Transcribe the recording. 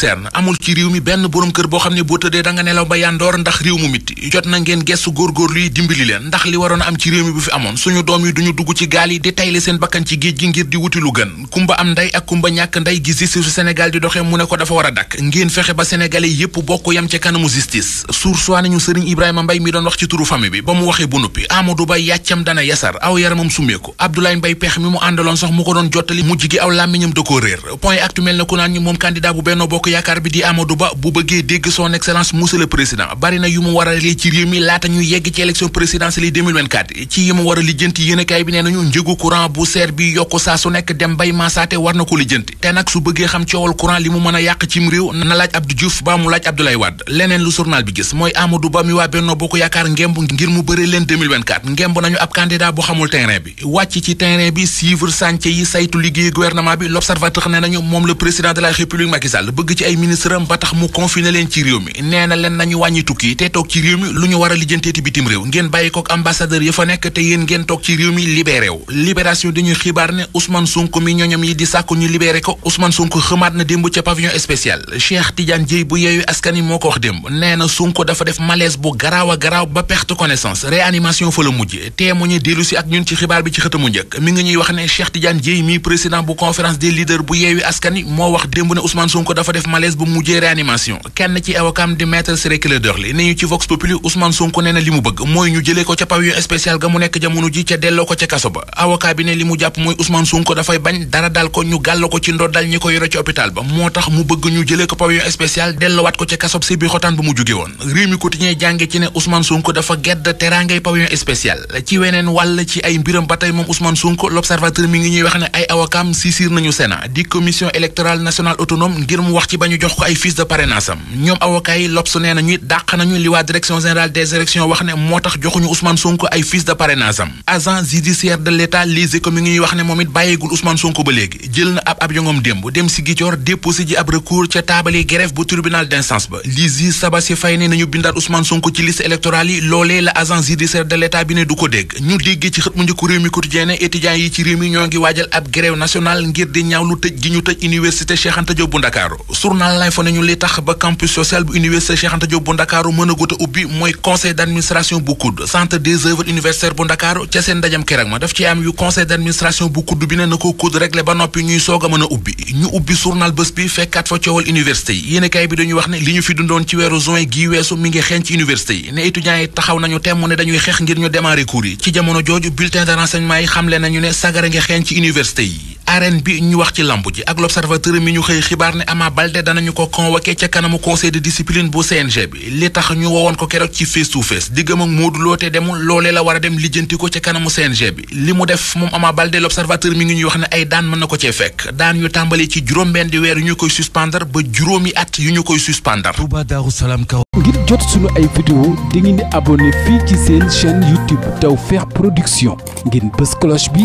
seen amul ci réew mi benn borom kër boo xam ne boo tëddee da nga nelaw ba yandoor ndax réew mu mitti jot na ngeen gestu góorgóorlu yi dimbali leen ndax li waroon a am ci réew mi bu fi amoon suñu doom yi duñu dugg ci gaal yi di tayle seen bakkan ci géej gi ngir di wuti lu gën kumba am nday ak kumba ñàkk nday gi justice Sénégal di doxee mu ne ko dafa war a dakk ngeen fexe ba sénégalais yépp bokk yam ca kanamu justice sursoi nañu sëriñ Ibrahima Mbay mi doon wax ci turu famille bi ba mu waxee bu nuppi Amadou Ba yàccam dana yasar aw yaramam sumeeku Abdoulaye Mbay peex mi mu àndaloon sax mu ko doon jottali mujj gi aw làmmiñam da koo réer point actu mel yaakaar bi di amadu Ba bu bëggee dégg son excellence monsieur le président bari yu mu war a li ci réew mi laata ñu yegg ci élection présidentielle yi 2024 ci yi mu war a lijjanti yéenekaay bi nee nañu njëgu courant bu seer bi yokku saa su nekk dem bay maasaate war na ko lijjanti te nag su bëggee xam coowal courant li mu mën a yàq cim réew na laaj Abdou Diouf ba mu laaj Abdoulaye Wade leneen lu journal bi gis mooy Amadou Ba mi waa Benno Bokk Yaakaar ngemb ngir mu bëre ci ay ministre am ba tax mu confiné leen ci réew mi nee na leen nañu wàññi tukki te toog ci réew mi lu ñu war a lijjanteeti bitim réew ngeen bàyyi kook ambassadeur ya fa nekk te yéen ngeen toog ci réew mi libéré wu libération dañuy xibaar ne Ousmane Sonko mi ñoñom yi di sàkku ñu libéré ko Ousmane Sonko xamaat na démb ca pavillon spécial Cheikh Tidiane Dièye bu yeeyu askan moo ko wax démb nee na Sonko dafa def malaise bu garaaw a garaaw ba perte connaissance réanimation bi ci xëtamu njëkk mi ngi ñuy wax ne Cheikh Tidiane Dièye mi président bu conférence malaise bu mujjee réanimation kenn ci awakam di maître Ciré Clédor Ly ni ñu ci Vox Populi Ousmane Sonko nee na li mu bëgg mooy ñu jëlee ko ca pavillon spécial ga mu nekk jamono ji ca delloo ko ca kaso ba avocat bi ne li mu jàpp mooy Ousmane Sonko dafay bañ dara dal ko ñu gàll ko ci ndoddal ñi ko yore ci hôpital ba moo tax mu bëgg ñu jëlee ko pavillon spécial delloowaat ko ca kaso bi bi xotaan bu mu jóge woon réew mi quotidien jànge ci ne Ousmane Sonko ba tey moom Ousmane Sonko l'observateur mi ngi ñuy wax ne ay awakam sisir nañu Sénat di commission électorale nationale autonome ngir ba ñu jox ko ay fiches de parrainage am ñoom avocat yi L'Obs nee nañu dàq nañu li waa direction générale des élections wax ne moo tax joxuñu Ousmane Sonko ay fiches de parrainage agent judiciaire de l'État Les Échos mi ngi wax ne moom it bàyyeegul Ousmane Sonko ba léegi jël na ab ab yongom démb dem si Ziguinchor déposé ji ab recours ca taabali greffe bu tribunal d'instance ba lisi Sabassi Faye ne nañu bindaat Ousmane Sonko ci liste électorale yi loolee la agent judiciaire de l'État bi ne du ko dégg ñu déggee mi quotidien ne étudiants yi ci réew mi ñoo ngi waajal ab grève nationale ngir di ñaawlu tëj gi ñu tëj bu Ndakaaru journal lay fa nañu li tax ba campus social bu université Cheikh Anta Diop bu ndakaaru mën a gut a ubbi mooy conseil d'administration bu COUD centre des œuvres universitaires bu ndakaaru ca seen dajam kerek ma daf ci am yu conseil d'administration bu COUD bi ne na ko COUD réglé ba noppi ñuy soog a ubbi ñu ubbi journal bés bi fekkaat fa coowal université yi yéen kay bi dañuy wax ne li ñu fi dundoon ci weeru juin gii weesu mi ngi xeeñ ci université taxaw nañu temm ne dañuy xeex ngir ñu démarrer cours yi ci jamono jooju bulletin de renseignement yi xamle nañu ne sagara nga xeeñ arène bi ñu wax ci lamb ji ak l'observateur mi ñu xëy xibaar ne Ama Baldé danañu ko convoqué ca kanamu conseil de discipline bu CNG bi li tax ñu wowoon ko keroog ci face to face diggam ak Modou Lo te demul loolee la war a dem lijjanti ko ca kanamu CNG bi li mu def moom Ama Baldé l'observateur mi ngi ñuy wax ne ay daan mën na ko cee fekk daan yu tàmbali ci juróom benn di weer yu ñu koy suspendre ba juróomi at yu ñu koy suspendre. Touba Darou Salam Kaw. ngir jot sunu ay vidéo di ngeen di